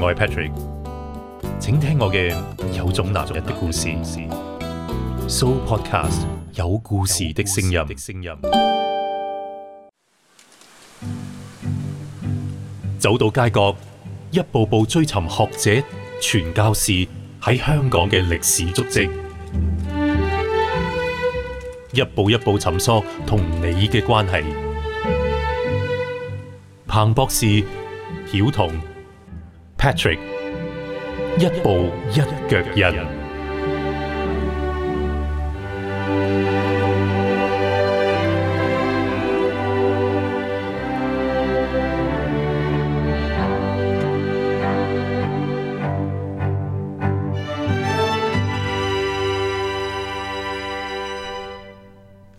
我係 Patrick，請聽我嘅有種男人的故事。So Podcast 有故事的聲音。的聲音走到街角，一步步追尋學者、傳教士喺香港嘅歷史足跡，一步一步尋索同你嘅關係。彭博士，曉彤。Patrick，一步一腳印。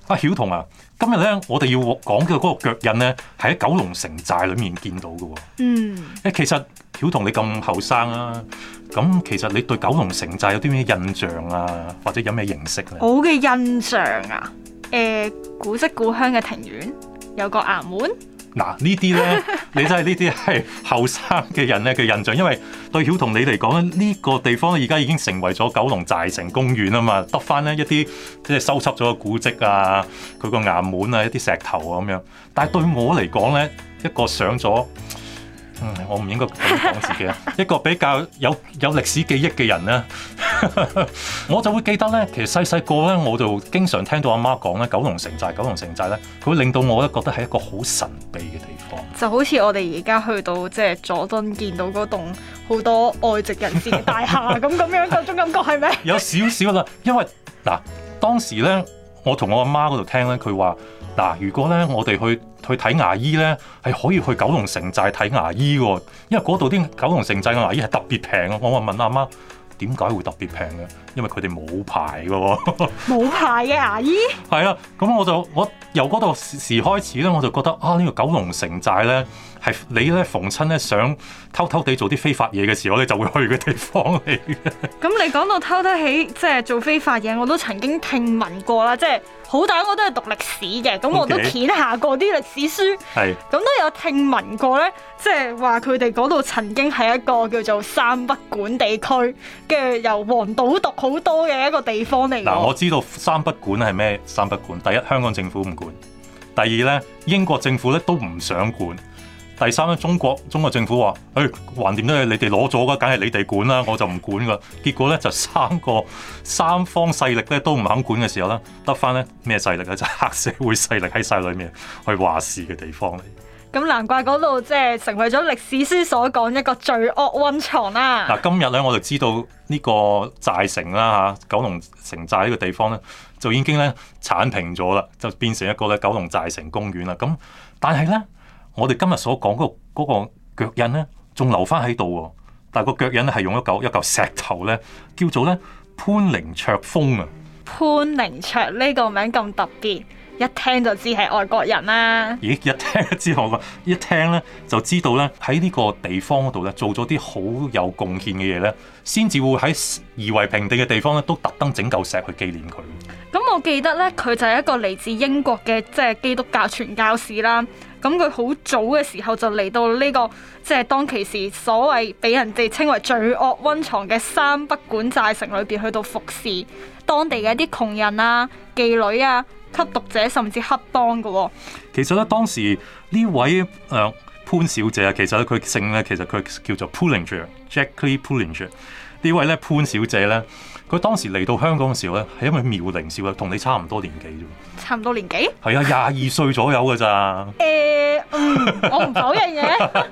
阿、啊、曉彤啊，今日咧，我哋要講嘅嗰個腳印咧，係喺九龍城寨裏面見到嘅。嗯，誒，其實。曉彤，你咁後生啦，咁其實你對九龍城寨有啲咩印象啊？或者有咩認識咧？我嘅印象啊，誒、欸、古色古香嘅庭院，有個衙門。嗱、啊、呢啲咧， 你真係呢啲係後生嘅人咧嘅印象，因為對曉彤你嚟講咧，呢、呢個地方而家已經成為咗九龍寨城公園啊嘛，得翻咧一啲即係收葺咗嘅古跡啊，佢個衙門啊，一啲石頭啊咁樣。但係對我嚟講咧，一個上咗。嗯，我唔應該講自己啊。 一個比較有有歷史記憶嘅人咧， 我就會記得咧。其實細細個咧，我就經常聽到阿媽講咧，九龍城寨，九龍城寨咧，佢會令到我咧覺得係一個好神秘嘅地方。就好似我哋而家去到即係、就是、佐敦見到嗰棟好多外籍人士嘅大廈咁咁樣，嗰種感覺係咩？ 有少少啦，因為嗱當時咧，我同我阿媽嗰度聽咧，佢話嗱，如果咧我哋去。去睇牙醫咧，係可以去九龍城寨睇牙醫喎，因為嗰度啲九龍城寨嘅牙醫係特別平啊！我問問阿媽點解會特別平咧？因為佢哋冇牌嘅喎，冇 牌嘅牙醫。係啊，咁我就我由嗰度時開始咧，我就覺得啊，呢個九龍城寨咧。係你咧，逢親咧想偷偷地做啲非法嘢嘅時候，我哋就會去嘅地方嚟嘅。咁你講到偷得起，即係做非法嘢，我都曾經聽聞過啦。即係好大我都係讀歷史嘅，咁我都掀下過啲歷史書，咁 Okay. 都有聽聞過咧。即係話佢哋嗰度曾經係一個叫做三不管地區嘅，由黃賭毒好多嘅一個地方嚟。嗱，我知道三不管係咩三不管。第一，香港政府唔管；第二咧，英國政府咧都唔想管。第三咧，中國中國政府話，誒、哎，橫掂都係你哋攞咗嘅，梗係你哋管啦，我就唔管噶。結果咧，就三個三方勢力咧都唔肯管嘅時候咧，得翻咧咩勢力咧？就 黑社會勢力喺晒裏面去話事嘅地方。咁難怪嗰度即係成為咗歷史書所講一個罪惡溫床啦、啊。嗱、啊，今日咧我就知道呢個寨城啦嚇、啊，九龍城寨呢個地方咧就已經咧剷平咗啦，就變成一個咧九龍寨城公園啦。咁、啊、但係咧。我哋今日所講嗰嗰個腳印咧，仲留翻喺度喎。但係個腳印咧係用一嚿一嚿石頭咧，叫做咧潘寧卓峰啊。潘寧卓呢個名咁特別，一聽就知係外國人啦。咦，一聽之後一聽咧，就知道咧喺呢個地方嗰度咧做咗啲好有貢獻嘅嘢咧，先至會喺夷為平地嘅地方咧都特登整嚿石去紀念佢。咁我記得咧，佢就係一個嚟自英國嘅即係基督教傳教士啦。咁佢好早嘅時候就嚟到呢個，即係當其時所謂俾人哋稱為罪惡溫床嘅三不管寨城裏邊去到服侍當地嘅一啲窮人啊、妓女啊、吸毒者甚至黑幫嘅。其實咧，當時呢位誒潘小姐啊，其實佢姓咧，其實佢叫做 Pullinger, Jackie Pullinger。呢位咧潘小姐咧。佢當時嚟到香港嘅時候咧，係因為妙齡少女，同你差唔多年紀啫，差唔多年紀？係啊，廿二歲左右㗎咋。誒，我唔講嘢。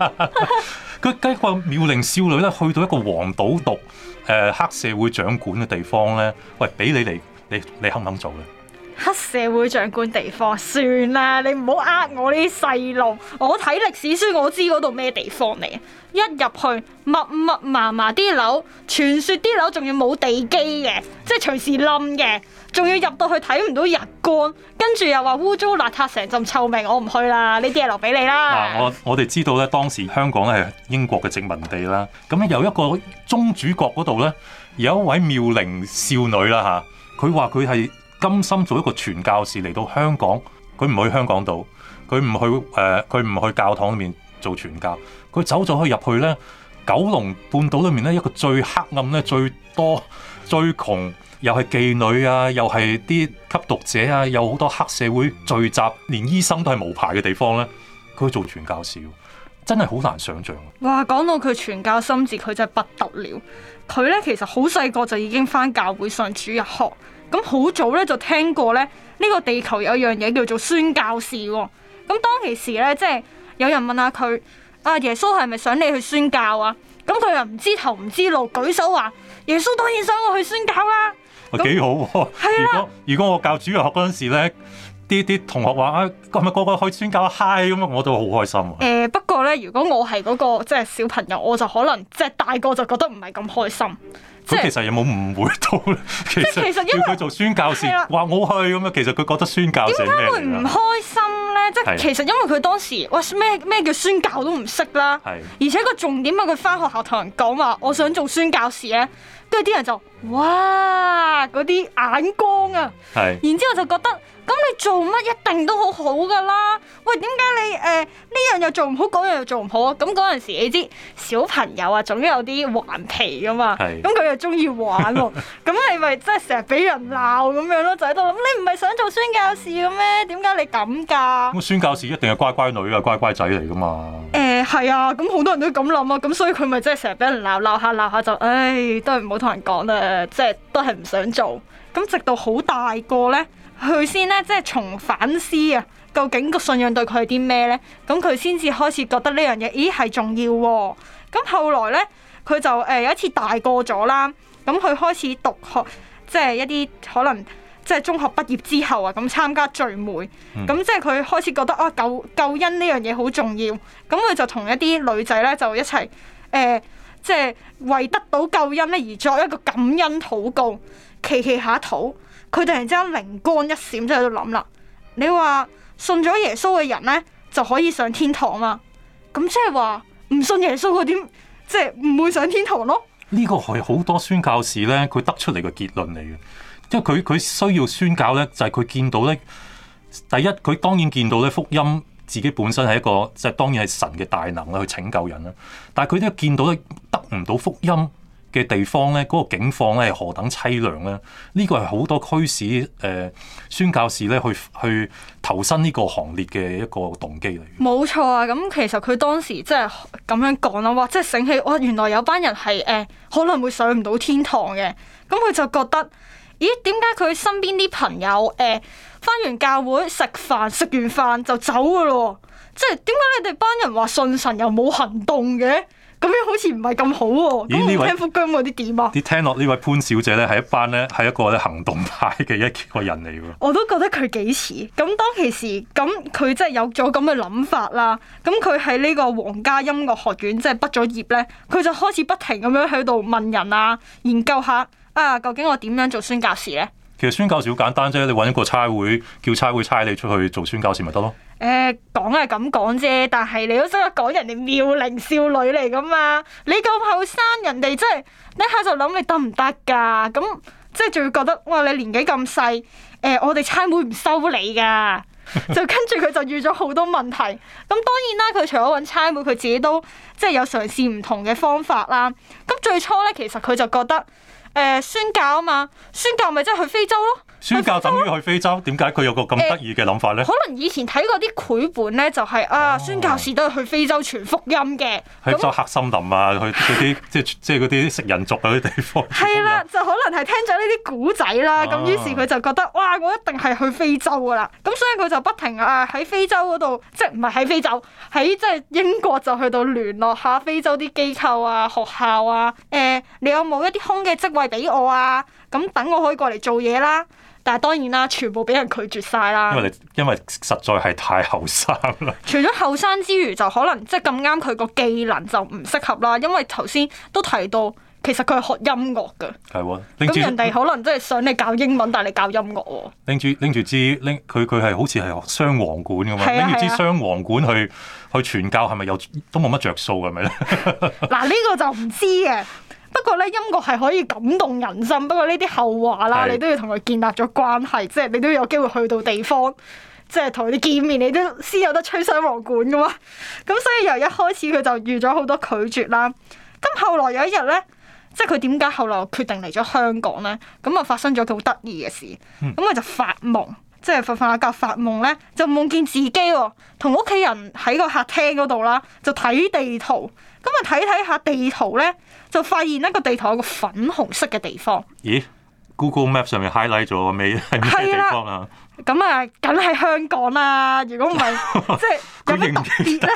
佢經過妙齡少女咧，去到一個黃賭毒誒、呃、黑社會掌管嘅地方咧，喂，俾你嚟，你你肯唔肯做嘅？黑社會掌管地方算啦，你唔好呃我呢啲細路。我睇歷史書，我知嗰度咩地方嚟。一入去密密麻麻啲樓，傳説啲樓仲要冇地基嘅，即係隨時冧嘅，仲要入到去睇唔到日光，跟住又話污糟邋遢成陣臭味，我唔去啦。呢啲嘢留俾你啦。啊，我我哋知道咧，當時香港咧係英國嘅殖民地啦。咁有一個宗主國嗰度呢，有一位妙齡少女啦嚇，佢話佢係。她甘心做一個傳教士嚟到香港，佢唔去香港度，佢唔去誒，佢、呃、唔去教堂裏面做傳教，佢走咗去入去呢九龍半島裏面呢一個最黑暗咧最多最窮又係妓女啊，又係啲吸毒者啊，有好多黑社會聚集，連醫生都係無牌嘅地方呢，佢做傳教士，真係好難想象哇，講到佢傳教心志，佢就不得了。佢呢，其實好細個就已經翻教會上主日學。咁好早咧就聽過咧，呢、這個地球有一樣嘢叫做宣教士喎、哦。咁當其時咧，即係有人問下佢：啊，耶穌係咪想你去宣教啊？咁佢又唔知頭唔知路，舉手話：耶穌當然想我去宣教啦、啊。幾、啊、那好喎！係、 啊、如，如果我教主日學嗰陣時咧。啲啲同學話啊，係咪個個去宣教嗨咁啊？我都好開心啊！誒，不過咧，如果我係嗰個即係小朋友，我就可能即係大個就覺得唔係咁開心。即係其實有冇誤會到咧？即係其實因為佢做宣教士，話我去咁啊，其實佢覺得宣教。點解會唔開心咧？即係其實因為佢當時哇咩咩叫宣教都唔識啦。而且個重點啊，佢返學校同人講話，我想做宣教士咧，跟住啲人就哇嗰啲眼光啊。係。然之後就覺得。咁你做乜一定都好好噶啦？喂，點解你誒呢、呃、樣又做唔好，嗰樣又做唔好啊？咁嗰陣時你知，小朋友啊，總有啲頑皮噶嘛，咁佢是又中意玩喎、哦，咁你咪即係成日俾人鬧咁樣咯，就喺度諗，你唔係想做宣教士嘅咩？點解你咁噶？咁宣教士一定係乖乖女啊，乖乖仔嚟噶嘛？誒、呃，係啊，咁好多人都咁諗啊，咁所以佢咪即係成日俾人鬧，鬧下鬧下就，唉、哎，都係唔好同人講啦，即、就、係、是、都係唔想做。咁直到好大個咧。佢先咧，即係從反思啊，究竟個信仰對佢係啲咩咧？咁佢先至開始覺得呢樣嘢，咦係重要喎、哦。咁後來咧，佢就誒、呃、有一次大個咗啦，咁佢開始讀學，即係一啲可能即係中學畢業之後啊，咁參加聚會，咁、嗯、即係佢開始覺得啊，救救恩呢樣嘢好重要。咁佢就同一啲女仔咧，就一齊誒、呃，即係為得到救恩咧而作一個感恩禱告，祈祈下禱。佢突然之間靈光一閃，就喺度諗啦。你話信咗耶穌嘅人咧，就可以上天堂啊嘛。咁即係話唔信耶穌佢點即係唔會上天堂咯？呢個係好多宣教士咧，佢得出嚟嘅結論嚟嘅。因為佢佢需要宣教咧，就係佢見到咧，第一佢當然見到咧福音自己本身係一個，即係當然係神嘅大能啦，去拯救人啦。但係佢都見到咧，得唔到福音。嘅地方咧，嗰、那個境況咧係何等淒涼咧？呢、這個係好多驅使誒宣教士咧去去投身呢個行列嘅一個動機嚟。冇錯啊！咁、嗯、其實佢當時即係咁樣講啦，話即係醒起，哇！原來有班人係誒、呃、可能會上唔到天堂嘅。咁、嗯、佢就覺得，咦？點解佢身邊啲朋友誒翻、呃、完教會食飯，食完飯就走嘅咯、啊？即係點解你哋班人話信神又冇行動嘅？咁樣好似唔係咁好喎。咁你聽 t e n 姜嗰啲點啊？你咦聽落呢、啊、位潘小姐咧係一班咧係一個咧行動派嘅一個人嚟喎。我都覺得佢幾似。咁當其時咁佢真係有咗咁嘅諗法啦。咁佢喺呢個皇家音樂學院即係、就是、畢咗業咧，佢就開始不停咁樣喺度問人啊，研究下啊究竟我點樣做宣教士咧？其實宣教士好簡單啫，你搵一個差會叫差會差你出去做宣教士咪得咯。誒講係咁講啫，但係你都識得講人哋妙齡少女嚟噶嘛？你咁後生，人哋、嗯、即係一下就諗你得唔得噶？咁即係仲會覺得哇！你年紀咁細，誒、呃、我哋差妹唔收你噶，就跟住佢就遇咗好多問題。咁、嗯、當然啦，佢除咗揾差妹，佢自己都即係有嘗試唔同嘅方法啦。咁、嗯、最初咧，其實佢就覺得誒、呃、宣教啊嘛，宣教咪即係去非洲咯。宣教等於去非洲？點解佢有個咁得意嘅諗法咧、欸？可能以前睇過啲繪本咧、就係，就係、哦、啊，宣教士都係去非洲傳福音嘅。去咗、哦、那黑森林啊， 去嗰啲即係即係嗰啲食人族嗰啲地方。係啦，就可能係聽咗呢啲古仔啦，咁、啊、於是佢就覺得哇，我一定係去非洲噶啦。咁所以佢就不停啊喺非洲嗰度，即係唔係喺非洲？喺即係英國就去到聯絡下非洲啲機構啊、學校啊。誒、欸，你有冇一啲空嘅職位俾我啊？咁等我可以過嚟做嘢啦。但係當然啦，全部俾人拒絕晒啦。因為你因為實在係太後生啦。除咗後生之餘，就可能即係咁啱佢個技能就唔適合啦。因為頭先都提到，其實佢係學音樂嘅。係喎、哦。咁人哋可能真係想你教英文，但你教音樂喎、哦。拎住拎住支拎佢佢係好似係學雙簧管㗎嘛，拎住支雙簧管去去傳教係咪有？都冇乜着數㗎？係咪咧？嗱、這、呢個就唔知嘅。不過咧，音樂係可以感動人心。不過呢啲後話啦，是你都要同佢建立咗關係，即、就、係、是、你都有機會去到地方，即係同佢哋見面，你都先有得吹雙簧管㗎嘛。咁 所以由一開始佢就遇咗好多拒絕啦。咁後來有一日咧，即係佢點解後來決定嚟咗香港咧？咁啊，發生咗個好得意嘅事。咁佢就發夢，嗯、即係瞓瞓下覺發夢咧，就夢見自己喎、喔，同屋企人喺個客廳嗰度啦，就睇地圖。咁啊，睇睇下地圖咧，就發現呢個地圖有個粉紅色嘅地方。咦？Google Map 上面 highlight 咗個咩？係啦，咁啊，梗係、啊啊、香港啦、啊。如果唔係，即係 有乜特別咧？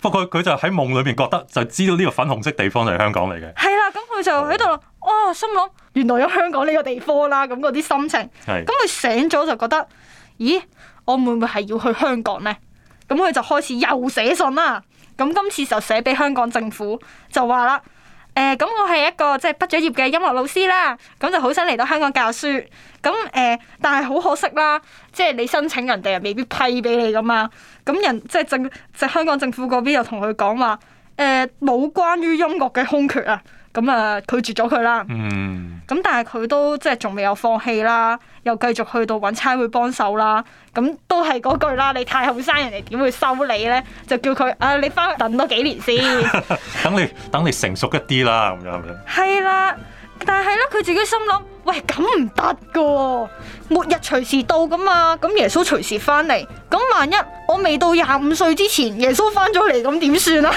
不過佢就喺夢裏面覺得就知道呢個粉紅色地方就係香港嚟嘅。係啦、啊，咁佢就喺度，哦、嗯，心諗原來有香港呢個地方啦、啊。咁嗰啲心情，係是。咁佢、嗯、醒咗就覺得，咦？我會唔會係要去香港咧？咁佢就開始又寫信啦。咁今次就寫俾香港政府，就話啦，誒、呃，咁我係一個即係畢咗業嘅音樂老師啦，咁就好想嚟到香港教書，咁誒，但係好可惜啦，即係你申請人哋又未必批俾你噶嘛，咁人即係政即係香港政府嗰邊又同佢講話，誒、呃，冇關於音樂嘅空缺啊。咁啊，拒絕咗佢啦。咁、嗯、但係佢都即係仲未有放棄啦，又繼續去到揾差會幫手啦。咁都係嗰句啦，你太後生，人哋點會收你呢？就叫佢啊，你翻去等多幾年先， 等你等你成熟一啲啦。咁樣係咪？係啦，但係咧，佢自己心諗，喂，咁唔得噶喎，末日隨時到噶嘛，咁耶穌隨時翻嚟，咁萬一我未到廿五歲之前，耶穌翻咗嚟，咁點算啊？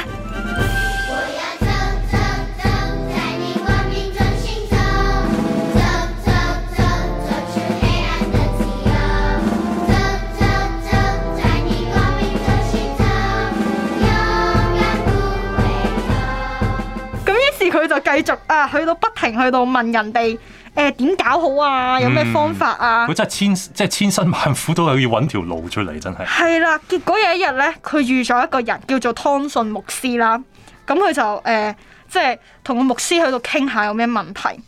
啊！去到不停去到問人哋，誒、呃、點搞好啊？有咩方法啊？佢、嗯、真係千即係千辛萬苦都要揾條路出嚟，真係係啦。結果有一日咧，佢遇咗一個人叫做湯信牧師啦。咁、嗯、佢就誒、呃、即係同個牧師去到傾下有咩問題。咁、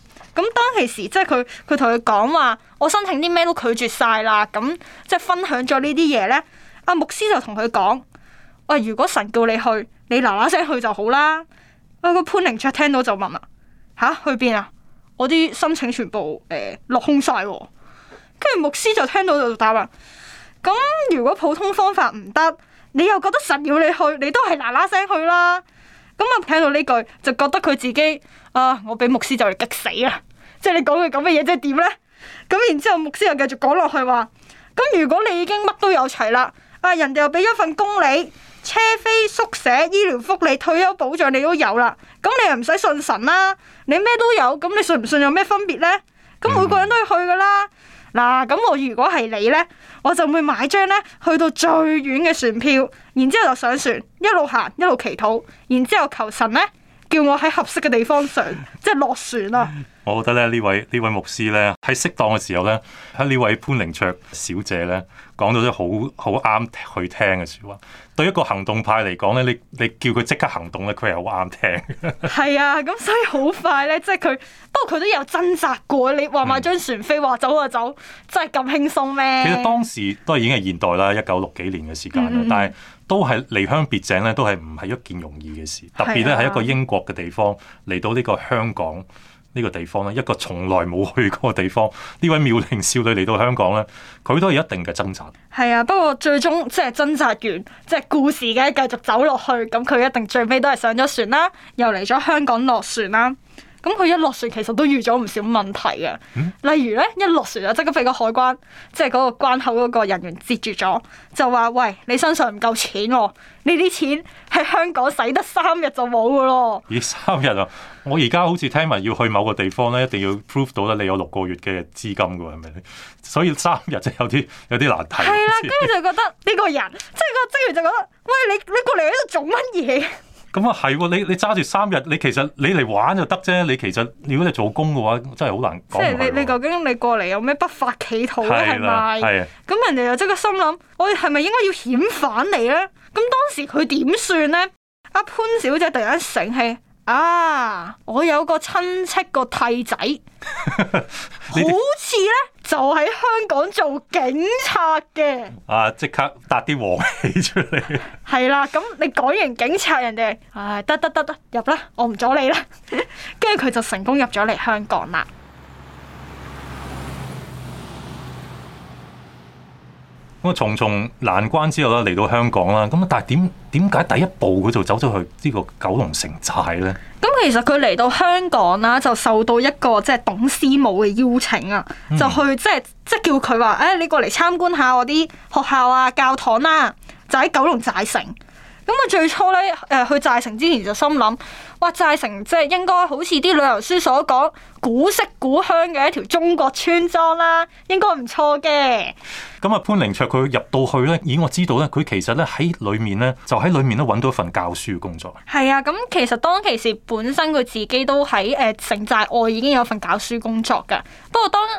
嗯、當其時即係佢佢同佢講話，我申請啲咩都拒絕晒啦。咁、嗯、即係分享咗呢啲嘢咧，阿牧師就同佢講，喂、哎，如果神叫你去，你嗱嗱聲去就好啦。喂、嗯，個潘靈卓聽到就問啦、啊。吓，去邊啊？我啲申請全部誒、欸、落空晒喔，跟住牧師就聽到就答啦。咁、嗯、如果普通方法唔得，你又覺得神要你去，你都係嗱嗱聲去啦。咁、嗯、啊聽到呢句就覺得佢自己啊，我俾牧師就嚟激死啦。即係你講嘅咁嘅嘢，即係點咧？咁、嗯、然之後牧師又繼續講落去話，咁、嗯、如果你已經乜都有齊啦，啊人哋又俾一份工你。車飛、宿舍、醫療福利、退休保障，你都有啦。咁你又唔使信神啦。你咩都有，咁你信唔信有咩分別呢？咁每個人都要去噶啦。嗱、啊，咁我如果係你呢，我就會買張呢去到最遠嘅船票，然之後就上船，一路行一路祈禱，然之後求神呢，叫我喺合適嘅地方上， 即係落船啦、啊。我覺得咧，呢位呢位牧師咧，喺適當嘅時候咧，喺呢位潘凌卓小姐咧，講到啲好好啱去聽嘅説話。對一個行動派嚟講咧，你你叫佢即刻行動咧，佢係好啱聽。係啊，咁所以好快咧，即係佢。不過佢都有掙扎過。你話買張船飛，話、嗯、走就走，真係咁輕鬆咩？其實當時都係已經係現代啦，一九六幾年嘅時間，嗯嗯嗯但係都係離鄉別井咧，都係唔係一件容易嘅事。特別咧，喺一個英國嘅地方嚟是、啊嗯、到呢個香港。呢個地方咧，一個從來冇去過嘅地方，呢位妙齡少女嚟到香港咧，佢都係一定嘅掙扎。係啊，不過最終即係掙扎完，即係故事嘅繼續走落去，咁佢一定最尾都係上咗船啦，又嚟咗香港落船啦。咁佢一落船，其實都預咗唔少問題嘅。嗯、例如咧，一落船啊，即刻畀個海關，即係嗰個關口嗰個人員截住咗，就話：喂，你身上唔夠錢喎，哦，你啲錢喺香港使得三日就冇噶咯。咦，三日啊！我而家好似聽聞要去某個地方咧，一定要 prove 到咧你有六個月嘅資金噶喎，係咪？所以三日就有啲有啲難題。係啦、啊，跟住就覺得呢 個人，即、就、係、是、個職員就覺得：「喂，你你過嚟喺度做乜嘢？咁啊係喎，你你揸住三日，你其實你嚟玩就得啫。你其實如果你做工嘅話，真係好難講。即係你你究竟你過嚟有咩不法企圖咧？係咪吧？咁人哋又即刻心諗，我哋係咪應該要遣返你咧？咁當時佢點算咧？阿潘小姐突然間醒起，啊、ah,，我有個親戚個契仔， 好似咧。就喺香港做警察嘅，啊！即刻搭啲和氣出嚟。係 啦，咁你講完警察，人哋唉得得得得入啦，我唔阻你啦。跟住佢就成功入咗嚟香港啦。咁啊，重重難關之後咧，嚟到香港啦。咁但係點點解第一步佢就走咗去呢個九龍城寨呢？咁其實佢嚟到香港啦，就受到一個即係董事母嘅邀請啊，就去即係即係叫佢話：，誒、哎，你過嚟參觀下我啲學校啊、教堂啦、啊，就喺九龍寨城。咁、嗯、啊，最初咧，誒去寨城之前就心諗，哇，寨城即係應該好似啲旅遊書所講。古色古香嘅一條中國村莊啦，應該唔錯嘅。咁啊，潘凌卓佢入到去咧，咦？我知道呢，佢其實呢喺裏面呢，就喺裏面咧揾到一份教書工作。係啊，咁、嗯、其實當其時本身佢自己都喺、呃、城寨外已經有份教書工作㗎。不過當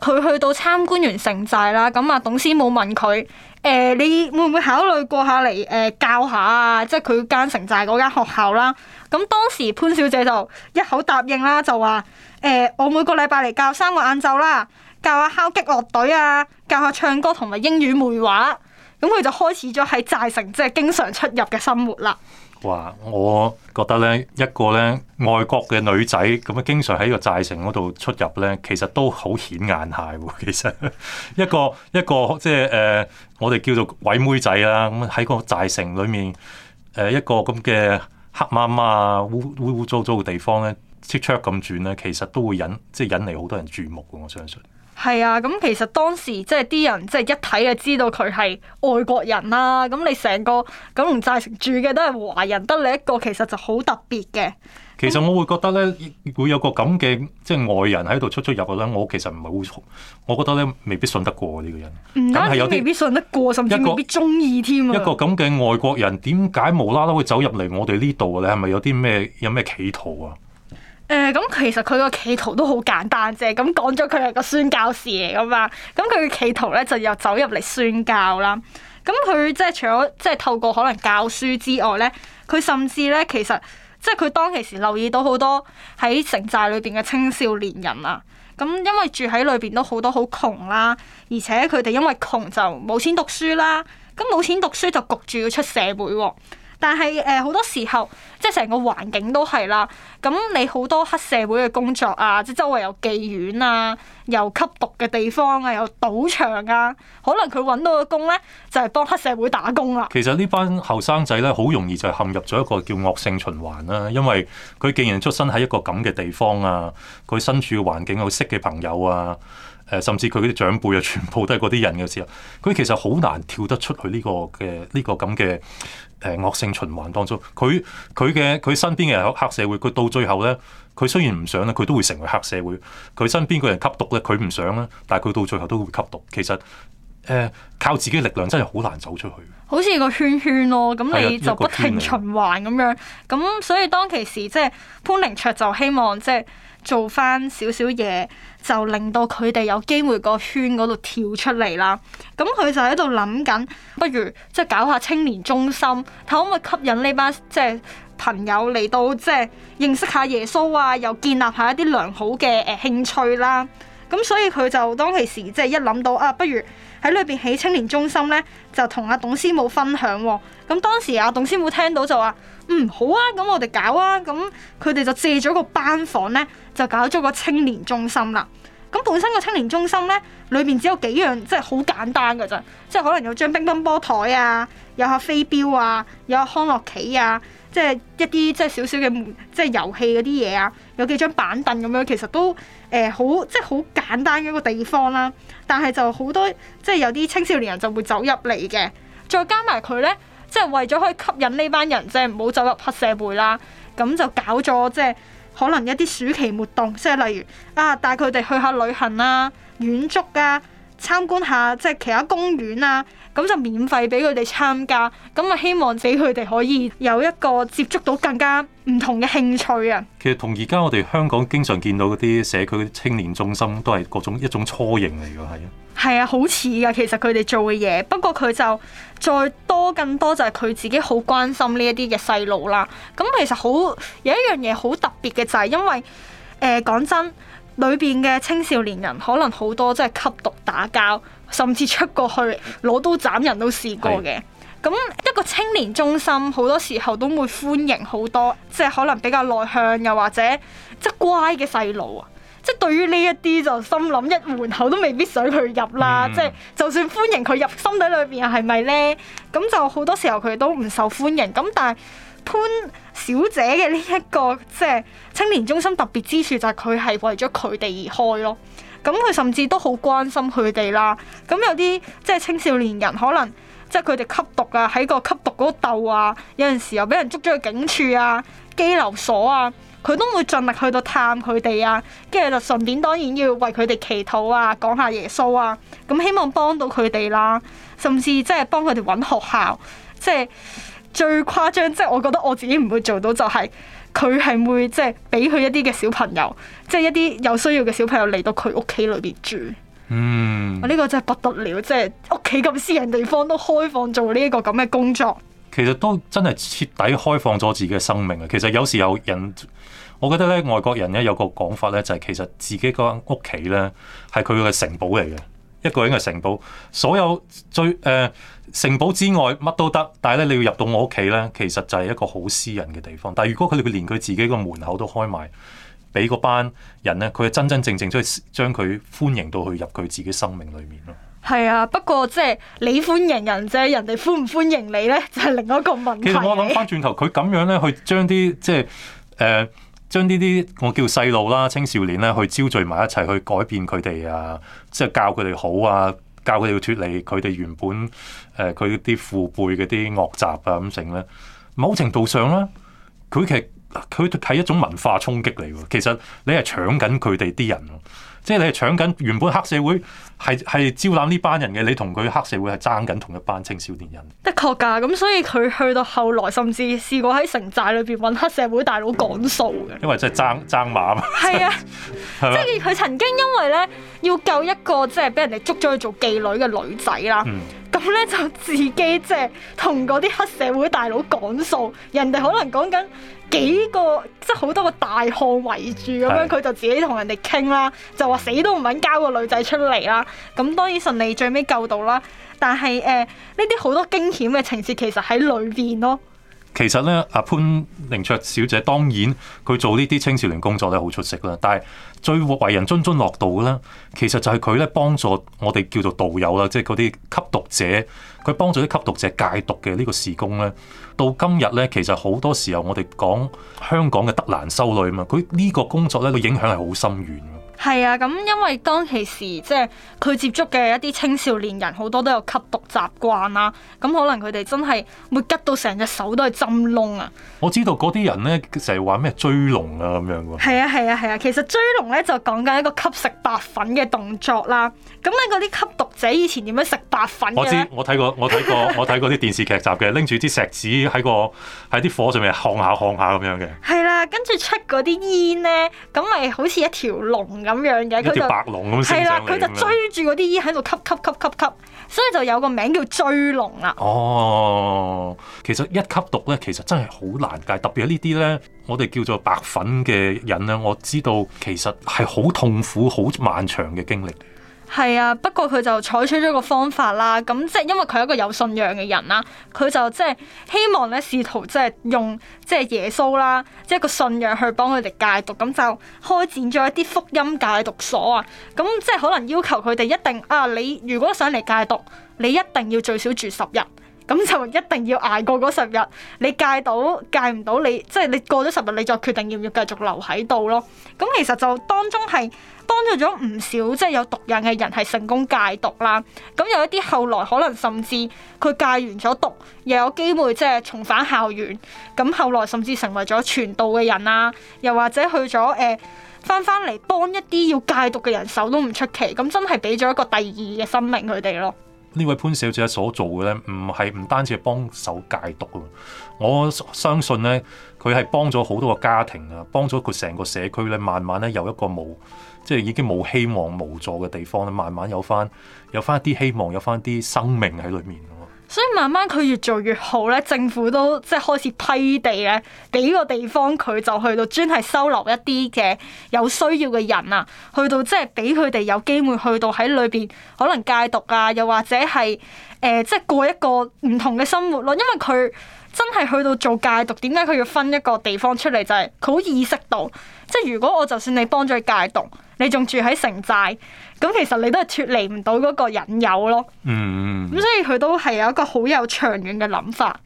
佢去到參觀完城寨啦，咁、嗯、啊董師冇問佢、呃、你會唔會考慮過下嚟、呃、教下啊？即係佢間城寨嗰間學校啦。咁、嗯、當時潘小姐就一口答應啦，就話。誒、欸，我每個禮拜嚟教三個晏晝啦，教下敲擊樂隊啊，教下唱歌同埋英語會話，咁佢就開始咗喺寨城即係經常出入嘅生活啦。哇，我覺得咧一個咧外國嘅女仔咁啊，經常喺個寨城嗰度出入咧，其實都好顯眼下。其實一個一個即係誒、呃，我哋叫做鬼妹仔啊。咁喺個寨城裏面，誒、呃、一個咁嘅黑媽媽、污污污糟糟嘅地方咧。切磋咁轉咧，其實都會引即係引嚟好多人注目嘅，我相信。係啊，咁其實當時即係啲人即係一睇就知道佢係外國人啦。咁你成個九龍寨城住嘅都係華人，得你一個，其實就好特別嘅。其實我會覺得咧，會有個咁嘅即係外人喺度出出入，我覺我其實唔係好，我覺得咧未必信得過呢個人。但係有未必信得過，甚至未必中意添啊！一個咁嘅外國人點解無啦啦會走入嚟我哋呢度？你係咪有啲咩有咩企圖啊？誒，咁、呃、其實佢個企圖都好簡單啫，咁講咗佢係個宣教士嚟㗎嘛，咁佢嘅企圖咧就又走入嚟宣教啦。咁佢即係除咗即係透過可能教書之外咧，佢甚至咧其實即係佢當其時留意到好多喺城寨裏邊嘅青少年人啊。咁因為住喺裏邊都好多好窮啦，而且佢哋因為窮就冇錢讀書啦，咁冇錢讀書就焗住要出社會喎。但係誒好多時候，即係成個環境都係啦。咁你好多黑社會嘅工作啊，即係周圍有妓院啊，有吸毒嘅地方啊，有賭場啊。可能佢揾到嘅工呢，就係、是、幫黑社會打工啦。其實呢班後生仔呢，好容易就陷入咗一個叫惡性循環啦、啊。因為佢既然出生喺一個咁嘅地方啊，佢身處嘅環境，好識嘅朋友啊，甚至佢啲長輩啊，全部都係嗰啲人嘅時候，佢其實好難跳得出去呢、這個嘅呢、這個咁嘅。誒、呃、惡性循環當中，佢佢嘅佢身邊嘅人，黑社會，佢到最後呢，佢雖然唔想啦，佢都會成為黑社會。佢身邊個人吸毒呢，佢唔想啦，但係佢到最後都會吸毒。其實誒、呃，靠自己力量真係好難走出去。好似個圈圈咯、哦，咁你的就不停循環咁樣。咁所以當其時，即係潘靈卓就希望即係。做翻少少嘢就令到佢哋有機會個圈嗰度跳出嚟啦。咁、嗯、佢就喺度諗緊，不如即係搞下青年中心，睇可唔可以吸引呢班即係朋友嚟到即係認識下耶穌啊，又建立下一啲良好嘅誒、呃、興趣啦。咁、嗯、所以佢就當其時即係一諗到啊，不如。喺裏邊起青年中心咧，就同阿董師母分享、哦。咁當時阿、啊、董師母聽到就話：嗯，好啊，咁我哋搞啊。咁佢哋就借咗個班房咧，就搞咗個青年中心啦。咁本身個青年中心咧，裏邊只有幾樣，即係好簡單嘅咋，即係可能有張乒乓波台啊，有下飛鏢啊，有下康樂棋啊。即係一啲即係少少嘅即係遊戲嗰啲嘢啊，有幾張板凳咁樣，其實都誒好、呃、即係好簡單一個地方啦。但係就好多即係有啲青少年人就會走入嚟嘅。再加埋佢咧，即係為咗可以吸引呢班人，即係唔好走入黑社會啦。咁就搞咗即係可能一啲暑期活動，即係例如啊，帶佢哋去下旅行啊，遠足啊、參觀下即係其他公園啊。咁就免費俾佢哋參加，咁啊希望俾佢哋可以有一個接觸到更加唔同嘅興趣啊！其實同而家我哋香港經常見到嗰啲社區青年中心都係各種一種雛形嚟嘅係啊，係啊，好似噶，其實佢哋做嘅嘢，不過佢就再多更多就係佢自己好關心呢一啲嘅細路啦。咁其實好有一樣嘢好特別嘅就係因為誒講真，裏邊嘅青少年人可能好多即係吸毒。打交，甚至出過去攞刀斬人都試過嘅。咁是一個青年中心，好多時候都會歡迎好多，即係可能比較內向又或者即乖嘅細路啊。即係對於呢一啲就心諗一門口都未必想佢入啦。嗯、即係就算歡迎佢入心底裏邊，又係咪呢？咁就好多時候佢都唔受歡迎。咁但係潘小姐嘅呢一個即係青年中心特別之處，就係佢係為咗佢哋而開咯。咁佢甚至都好關心佢哋啦。咁有啲即係青少年人，可能即係佢哋吸毒啊，喺個吸毒嗰度啊，有陣時候又俾人捉咗去警署啊、拘留所啊，佢都會盡力去到探佢哋啊，跟住就順便當然要為佢哋祈禱啊，講下耶穌啊，咁希望幫到佢哋啦，甚至即係幫佢哋揾學校。即係最誇張，即係我覺得我自己唔會做到，就係。佢係會即係俾佢一啲嘅小朋友，即係一啲有需要嘅小朋友嚟到佢屋企裏邊住。嗯，呢個真係不得了，即係屋企咁私人地方都開放做呢一個咁嘅工作。其實都真係徹底開放咗自己嘅生命啊！其實有時有人，我覺得咧，外國人咧有個講法咧，就係其實自己個屋企咧係佢嘅城堡嚟嘅。一個人嘅城堡，所有最誒、呃、城堡之外乜都得，但係咧，你要入到我屋企咧，其實就係一個好私人嘅地方。但係如果佢哋佢連佢自己個門口都開埋，俾個班人咧，佢真真正正出去將佢歡迎到去入佢自己生命裏面咯。係啊，不過即係你歡迎人啫，人哋歡唔歡迎你咧，就係、是、另一個問題。其實我諗翻轉頭，佢咁樣咧去將啲即係誒。就是呃將呢啲我叫細路啦、青少年咧，去招聚埋一齊去改變佢哋啊，即係教佢哋好啊，教佢哋要脫離佢哋原本誒佢啲父輩嗰啲惡習啊咁成咧。某程度上咧，佢其實佢係一種文化衝擊嚟喎。其實你係搶緊佢哋啲人即係你係搶緊原本黑社會係係招攬呢班人嘅，你同佢黑社會係爭緊同一班青少年人的。的確㗎。咁所以佢去到後來，甚至試過喺城寨裏邊揾黑社會大佬講數嘅。因為真係爭爭馬啊嘛。係啊， 吧即係佢曾經因為咧要救一個即係俾人哋捉咗去做妓女嘅女仔啦。嗯咁咧就自己即係同嗰啲黑社會大佬講數，人哋可能講緊幾個即係好多個大漢圍住咁樣，佢是的 就自己同人哋傾啦，就話死都唔肯交個女仔出嚟啦。咁當然順利最尾救到啦，但係誒呢啲好多驚險嘅情節其實喺裏邊咯。其實咧，阿潘靈卓小姐當然佢做呢啲青少年工作咧好出色啦。但係最為人津津樂道嘅咧，其實就係佢咧幫助我哋叫做道友啦，即係嗰啲吸毒者，佢幫助啲吸毒者戒毒嘅呢個事工咧。到今日咧，其實好多時候我哋講香港嘅德蘭修女啊嘛，佢呢個工作咧，佢影響係好深遠。係啊，咁、嗯、因為當其時即係佢接觸嘅一啲青少年人好多都有吸毒習慣啦、啊，咁、嗯、可能佢哋真係會拮到成隻手都係針窿啊！我知道嗰啲人咧成日話咩追龍啊咁樣喎。係啊係啊係啊，其實追龍咧就講緊一個吸食白粉嘅動作啦。咁喺嗰啲吸毒者以前點樣食白粉我？我知我睇過 我睇過我睇過啲電視劇集嘅，拎住支石子喺個喺啲火上面烘下烘下咁樣嘅。係啦、啊，跟住出嗰啲煙咧，咁咪好似一條龍。咁樣嘅，佢就白龍咁係啦，佢了就追住嗰啲煙喺度吸吸吸吸吸，所以就有個名叫追龍啦。哦，其實一吸毒咧，其實真係好難戒，特別係呢啲咧，我哋叫做白粉嘅人咧，我知道其實係好痛苦、好漫長嘅經歷。係啊，不過佢就採取咗個方法啦，咁即係因為佢係一個有信仰嘅人啦，佢就即係希望呢試圖即係用即係耶穌啦，即係一個信仰去幫佢哋戒毒，咁就開展咗一啲福音戒毒所啊，咁即係可能要求佢哋一定啊，你如果想嚟戒毒，你一定要最少住十日。咁就一定要捱過嗰十日，你戒到戒唔到你，你即係你過咗十日，你再決定要唔要繼續留喺度咯。咁其實就當中係幫助咗唔少即係有毒癮嘅人係成功戒毒啦。咁有一啲後來可能甚至佢戒完咗毒又有機會即係重返校園，咁後來甚至成為咗傳道嘅人啦，啊，又或者去咗誒返返嚟幫一啲要戒毒嘅人手都唔出奇。咁真係俾咗一個第二嘅生命佢哋咯。呢位潘小姐所做嘅咧，唔係唔單止係幫手戒毒，我相信咧，佢係幫咗好多個家庭啊，幫咗佢成個社區咧，慢慢咧有一個無即係已經冇希望無助嘅地方咧，慢慢有翻有翻一啲希望，有翻啲生命喺裏面。所以慢慢佢越做越好咧，政府都即係開始批地咧，俾個地方佢，就去到專係收留一啲嘅有需要嘅人啊，去到即係俾佢哋有機會去到喺裏邊可能戒毒啊，又或者係誒、呃、即係過一個唔同嘅生活咯。因為佢真係去到做戒毒，點解佢要分一個地方出嚟？就係佢好意識到。即係如果我就算你幫咗戒毒，你仲住喺城寨，咁其實你都係脫離唔到嗰個引誘咯。咁、嗯嗯、所以佢都係有一個好有長遠嘅諗法。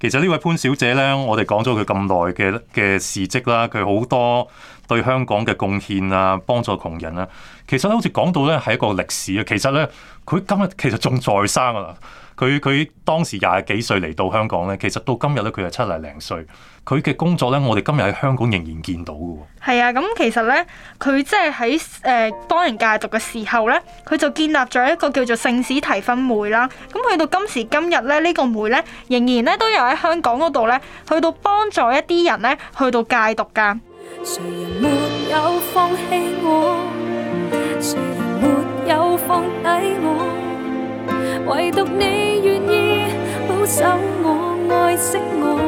其實呢位潘小姐呢，我哋講咗佢咁耐嘅嘅事蹟啦，佢好多對香港嘅貢獻啊，幫助窮人啊，其實好似講到呢係一個歷史啊。其實呢，佢今日其實仲在生噶、啊、啦。佢佢當時廿幾歲嚟到香港咧，其實到今日咧，佢係七十零歲。佢嘅工作咧，我哋今日喺香港仍然見到嘅。係啊，咁、嗯、其實咧，佢即係喺誒幫人戒毒嘅時候咧，佢就建立咗一個叫做聖史提芬會啦。咁、嗯、去到今時今日咧，這個、呢個會咧仍然咧都有喺香港嗰度咧，去到幫助一啲人咧去到戒毒噶。唯獨你願意保守我，愛惜我，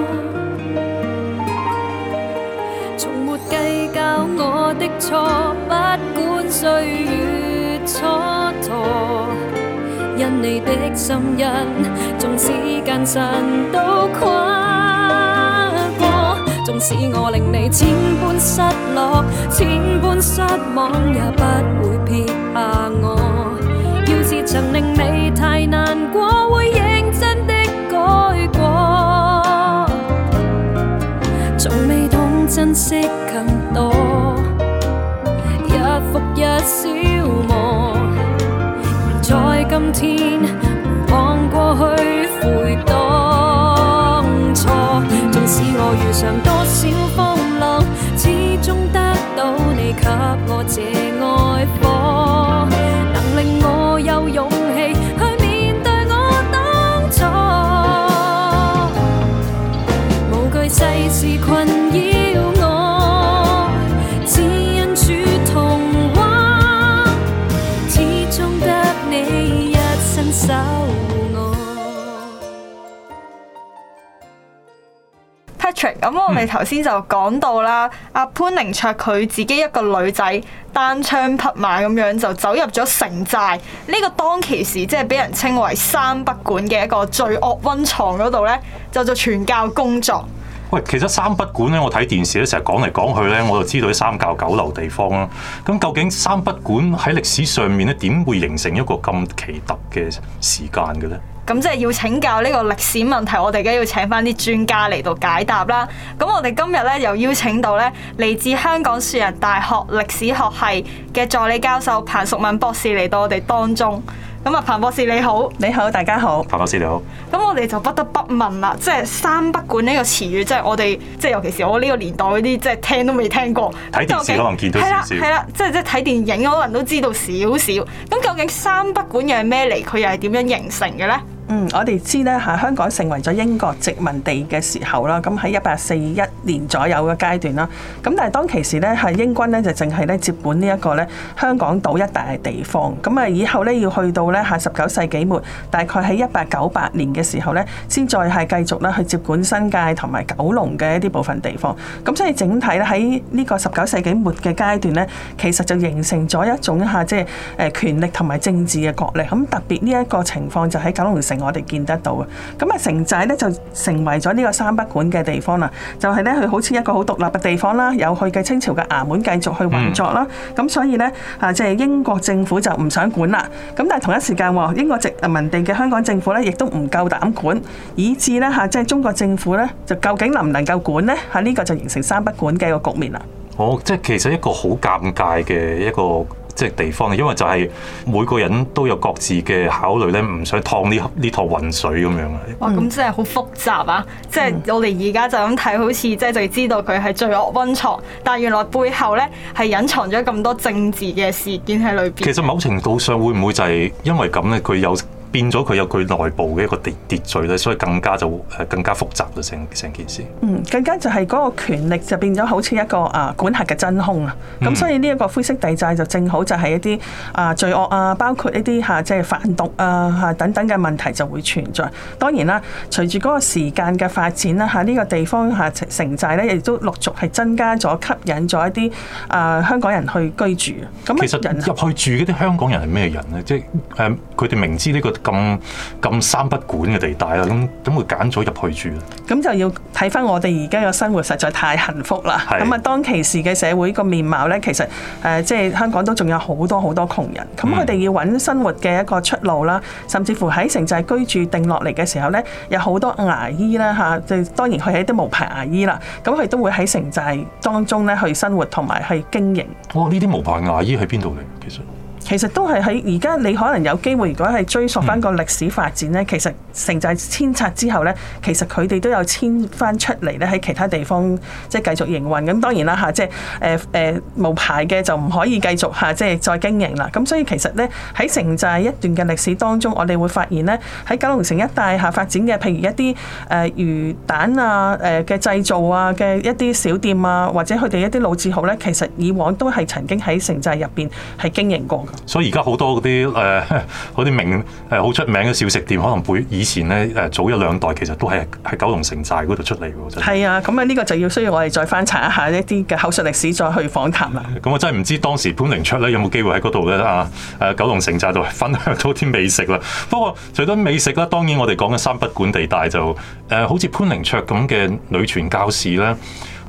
從沒計較我的錯，不管歲月蹉跎。因你的信任，縱使艱險都跨過，縱使我令你千般失落，千般失望，也不會撇下我。曾令你太難過，會認真的改過，從未懂珍惜更多，日復日消磨，而在今天回望過去悔當初，縱使我遇上多少。嗯、我哋頭先就講到啦，阿潘寧卓佢自己一個女仔單槍匹馬咁樣就走入咗城寨，呢、呢個當其時即係俾人稱為三不管嘅一個罪惡溫床嗰度呢就做傳教工作。喂，其實三不管呢，我睇電視咧成日講嚟講去呢，我就知道啲三教九流地方啦。咁究竟三不管喺歷史上面咧點會形成一個咁奇特嘅時間嘅呢？咁即係要請教呢個歷史問題，我哋梗係要請返啲專家嚟到解答啦。咁我哋今日咧又邀請到咧嚟自香港樹仁大學歷史學系嘅助理教授彭淑敏博士嚟到我哋當中。咁啊，彭博士你好，你好，大家好。彭博士你好。咁我哋就不得不問啦，即係三不管呢個詞語，即係我哋即係尤其是我呢個年代嗰啲，即係聽都未聽過。睇電視可能見到少少，係啦，即係即係睇電影可能都知道少少。咁究竟三不管又係咩嚟？佢又係點樣形成嘅咧？嗯，我哋知咧嚇香港成為咗英國殖民地嘅時候啦，咁喺一八四一年左右嘅階段啦。咁但係當其時咧，係英軍咧就淨係咧接管呢一個咧香港島一帶嘅地方。咁啊，以後咧要去到咧嚇十九世紀末，大概喺一八九八年嘅時候咧，先再係繼續咧去接管新界同埋九龍嘅一啲部分地方。咁所以整體咧喺呢個十九世紀末嘅階段咧，其實就形成咗一種嚇即係誒權力同埋政治嘅角力。咁特別呢一個情況就喺九龍城。我哋見得到啊！咁啊，城寨咧就成為咗呢個三不管嘅地方啦。就係咧，佢好似一個好獨立嘅地方啦，有去嘅清朝嘅衙門繼續去運作啦。咁、嗯、所以咧，啊即係英國政府就唔想管啦。咁但係同一時間喎，英國殖民地嘅香港政府咧，亦都唔夠膽管，以致咧嚇即係中國政府咧，就究竟能唔能夠管咧？喺、這、呢個就形成三不管嘅一個局面啦。好、哦，即係其實一個好尷尬嘅一個。即係地方，因為就係每個人都有各自嘅考慮咧，唔想趟呢呢趟渾水咁樣啊！哇，咁真係好複雜啊！嗯、即係我哋而家就咁睇，好似即係就知道佢係罪惡溫床，但原來背後咧係隱藏咗咁多政治嘅事件喺裏邊。其實某程度上會唔會就係因為咁咧？佢有。變咗佢有佢內部嘅一個秩序咧，所以更加就誒更加複雜嘅成成件事。嗯，更加就係嗰個權力就變咗好似一個啊管轄嘅真空啊，咁、嗯、所以呢一個灰色地帶就正好就係一啲啊罪惡啊，包括一啲嚇、啊、即係販毒啊嚇、啊、等等嘅問題就會存在。當然啦、啊，隨住嗰個時間嘅發展啦、啊、嚇、呢、啊這個地方嚇、啊、城寨咧亦都陸續係增加咗，吸引咗一啲啊香港人去居住。咁其實入去住嗰啲香港人係咩人咧？即係誒，佢哋明知呢個。咁咁三不管嘅地帶啦，咁點會揀咗入去住？咁就要睇翻我哋而家嘅生活實在太幸福啦。咁啊是，嗯嗯、當其時嘅社會個面貌咧，其實、誒、呃、即係香港都仲有好多好多窮人。咁佢哋要揾生活嘅一個出路啦，甚至乎喺城寨居住定落嚟嘅時候咧，有好多牙醫啦嚇，就、啊、當然佢係一啲無牌牙醫啦。咁佢都會喺城寨當中咧去生活同埋去經營。哇、哦，呢啲無牌牙醫喺邊度嚟？其實。其實都係喺而家，你可能有機會，如果係追溯翻個歷史發展呢。嗯、其實城寨遷拆之後呢，其實佢哋都有遷翻出嚟咧，喺其他地方即係、就是、繼續營運。咁當然啦，嚇、啊、即係誒誒無牌嘅就唔可以繼續下、啊，即係再經營啦。咁所以其實呢，喺城寨一段嘅歷史當中，我哋會發現呢，喺九龍城一帶下發展嘅，譬如一啲誒、呃、魚蛋啊、誒、呃、嘅製造啊嘅一啲小店啊，或者佢哋一啲老字號呢，其實以往都係曾經喺城寨入邊係經營過。所以而家好多嗰啲誒啲名誒好、啊、出名嘅小食店，可能背以前咧誒、啊、早一兩代，其實都係喺九龍城寨嗰度出嚟嘅啫。係啊，咁啊呢個就要需要我哋再翻查一下一啲嘅口述歷史，再去訪談啦。咁、嗯、我真係唔知當時潘靈卓咧有冇機會喺嗰度咧啊誒、啊、九龍城寨度分享到啲美食啦。不過除咗美食啦，當然我哋講嘅三不管地帶就誒、啊，好似潘靈卓咁嘅女傳教士咧，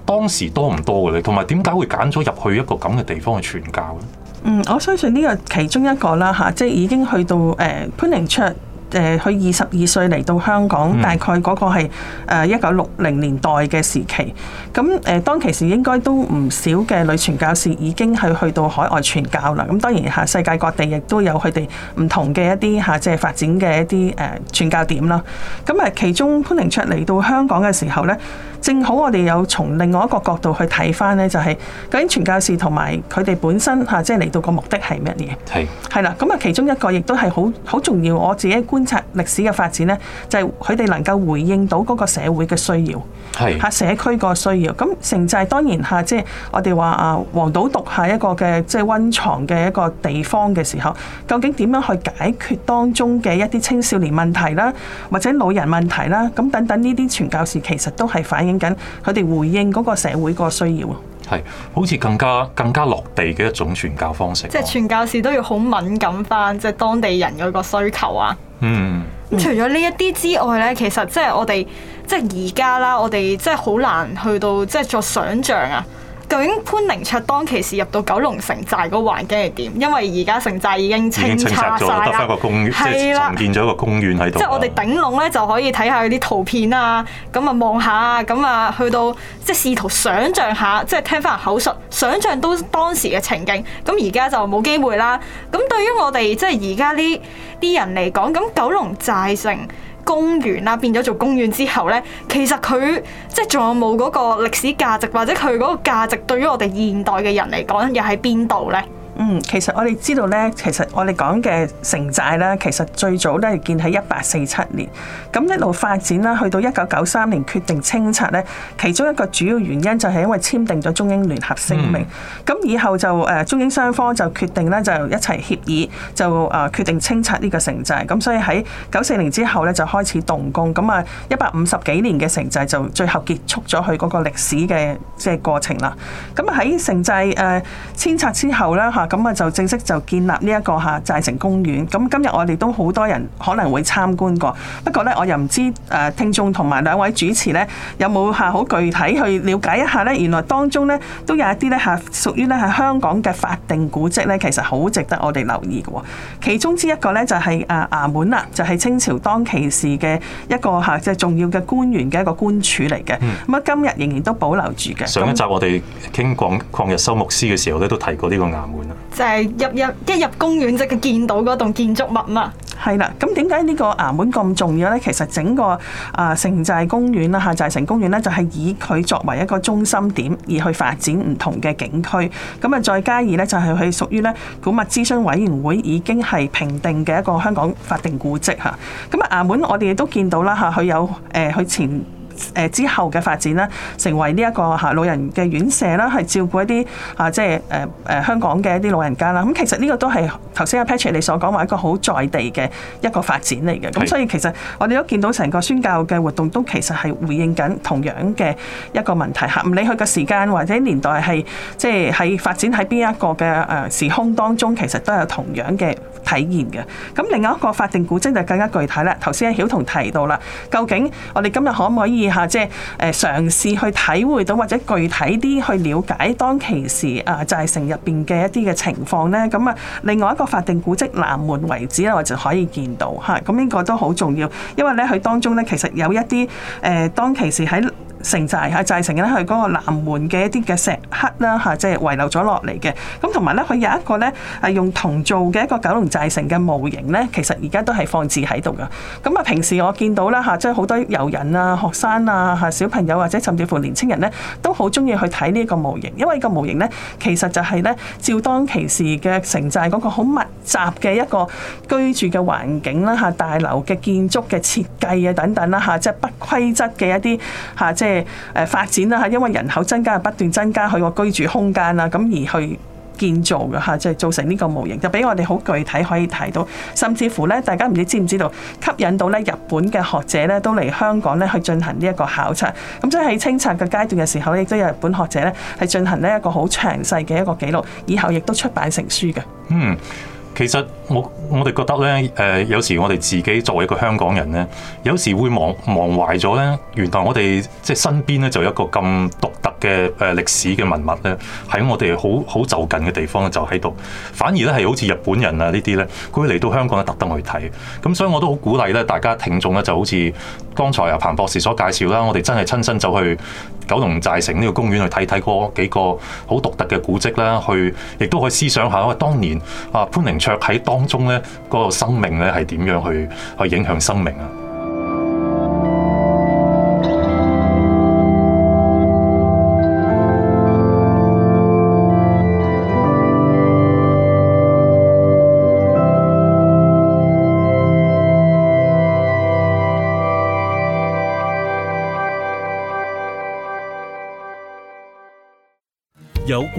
當時多唔多嘅咧？同埋點解會揀咗入去一個咁嘅地方去傳教咧？嗯，我相信呢個其中一個啦嚇、啊，即係已經去到誒、啊、潘寧卓誒，佢二十二歲嚟到香港，嗯、大概嗰個係一九六零年代嘅時期。咁、啊、誒當其時應該都唔少嘅女傳教士已經係去到海外傳教啦。咁、啊、當然嚇世界各地亦都有佢哋唔同嘅一啲嚇、啊，即係發展嘅一啲誒傳教點啦。咁、啊、誒其中潘寧卓嚟到香港嘅時候咧。正好我哋有從另外一個角度去睇翻咧，就係、是、究竟傳教士同埋佢哋本身吓、啊、即係嚟到個目的係乜嘢？係係啦，咁啊，其中一個亦都係好好重要。我自己觀察歷史嘅發展咧，就係佢哋能夠回應到嗰個社會嘅需要，係是、啊、社區個需要。咁城寨當然吓即係我哋話啊，黃賭毒係一個嘅即係溫床嘅一個地方嘅時候，究竟點樣去解決當中嘅一啲青少年問題啦，或者老人問題啦，咁等等呢啲傳教士其實都係反映。緊佢哋回應嗰個社會嗰個需要，係好似更加更加落地嘅一種傳教方式啊。即係傳教士都要好敏感翻，即係當地人嗰個需求啊。嗯，咁除咗呢一啲之外咧，其實即係我哋即係而家啦，我哋即係好難去到即係作想象啊。究竟潘寧卓當其時入到九龍城寨嗰環境係點？因為而家城寨已經清拆咗，得翻個公園，重建咗一個公園喺度。的即係我哋頂籠咧，就可以睇下啲圖片啊，咁啊望下，咁啊去到即係試圖想象下，即係聽翻口述，想象到當時嘅情景。咁而家就冇機會啦。咁對於我哋即係而家呢啲人嚟講，咁九龍寨城。公園啦，變咗做公園之後呢，其實佢即係仲有冇嗰個歷史價值，或者佢嗰個價值對於我哋現代嘅人嚟講，又喺邊度呢？嗯，其實我哋知道咧，其實我哋講嘅城寨咧，其實最早咧係建喺一八四七年，咁一路發展啦，去到一九九三年決定清拆咧，其中一個主要原因就係因為簽訂咗中英聯合聲明，咁、嗯、以後就誒中英雙方就決定咧就一齊協議就誒決定清拆呢個城寨，咁所以喺九四年之後咧就開始動工，咁啊一百五十幾年嘅城寨就最後結束咗佢嗰個歷史嘅即係過程啦。咁啊喺城寨誒遷拆之後咧嚇。啊啊啊啊咁啊就正式就建立呢一個嚇寨城公園。咁今日我哋都好多人可能會參觀過。不過呢，我又唔知誒聽眾同埋兩位主持呢有冇嚇好具體去了解一下呢？原來當中呢，都有一啲呢嚇屬於呢係香港嘅法定古蹟呢。其實好值得我哋留意嘅。其中之一個呢，就係誒衙門啦，就係清朝當其時嘅一個嚇即係重要嘅官員嘅一個官署嚟嘅。咁啊，今日仍然都保留住嘅、嗯。上一集我哋傾講抗日修牧師嘅時候咧，都提過呢個衙門就係入入一入公園，即係見到嗰棟建築物嘛，係啦。咁點解呢個衙門咁重要呢？其實整個啊，城寨公園啦，吓寨城公園呢，就係以佢作為一個中心點而去發展唔同嘅景區。咁啊，再加二呢，就係佢屬於呢古物諮詢委員會已經係評定嘅一個香港法定古蹟吓。咁啊，衙門我哋都見到啦吓，佢有誒佢、呃、前。誒之後嘅發展啦，成為呢一個嚇老人嘅院舍啦，係照顧一啲嚇即係誒誒香港嘅一啲老人家啦。咁其實呢個都係頭先阿 Patrick 你所講話一個好在地嘅一個發展嚟嘅。咁的所以其實我哋都見到成個宣教嘅活動都其實係回應緊同樣嘅一個問題嚇。唔理佢嘅時間或者年代係即係喺發展喺邊一個嘅誒時空當中，其實都有同樣嘅體現嘅。咁另外一個法定古蹟就更加具體啦。頭先阿曉彤提到啦，究竟我哋今日可唔可以？下即係誒嘗試去體會到或者具體啲去了解當其時啊寨城入邊嘅一啲嘅情況呢。咁啊另外一個法定古蹟南門遺址咧，我就可以見到嚇，咁呢個都好重要，因為呢，佢當中呢，其實有一啲誒、呃、當其時喺。城寨嚇，寨城咧，佢嗰個南門嘅一啲嘅石刻啦吓，即係遺留咗落嚟嘅。咁同埋咧，佢有一個咧，係用銅做嘅一個九龍寨城嘅模型咧，其實而家都係放置喺度噶。咁啊，平時我見到啦吓，即係好多遊人啊、學生啊、吓小朋友或者甚至乎年青人咧，都好中意去睇呢一個模型，因為呢個模型咧，其實就係咧，照當其時嘅城寨嗰個好密集嘅一個居住嘅環境啦吓，大樓嘅建築嘅設計啊等等啦吓，即係不規則嘅一啲吓，即係。嘅誒發展啦嚇，因為人口增加不斷增加，佢個居住空間啦，咁而去建造嘅嚇，就係造成呢個模型，就俾我哋好具體可以睇到。甚至乎咧，大家唔知知唔知道，知知道吸引到咧日本嘅學者咧都嚟香港咧去進行呢一個考察。咁即喺清拆嘅階段嘅時候，亦都有日本學者咧係進行呢一個好詳細嘅一個記錄，以後亦都出版成書嘅。嗯。其實我我哋覺得咧，誒、呃、有時我哋自己作為一個香港人咧，有時會忘忘懷咗咧，原來我哋即係身邊咧就有一個咁獨特。嘅誒、呃、歷史嘅文物咧，喺我哋好好就近嘅地方咧，就喺度。反而咧係好似日本人啊呢啲咧，佢嚟到香港咧，特登去睇。咁所以我都好鼓勵咧，大家聽眾咧就好似剛才啊彭博士所介紹啦，我哋真係親身走去九龍寨城呢個公園去睇睇嗰幾個好獨特嘅古蹟啦，去亦都可以思想下，因為當年啊潘寧卓喺當中咧嗰、那個生命咧係點樣去去影響生命啊！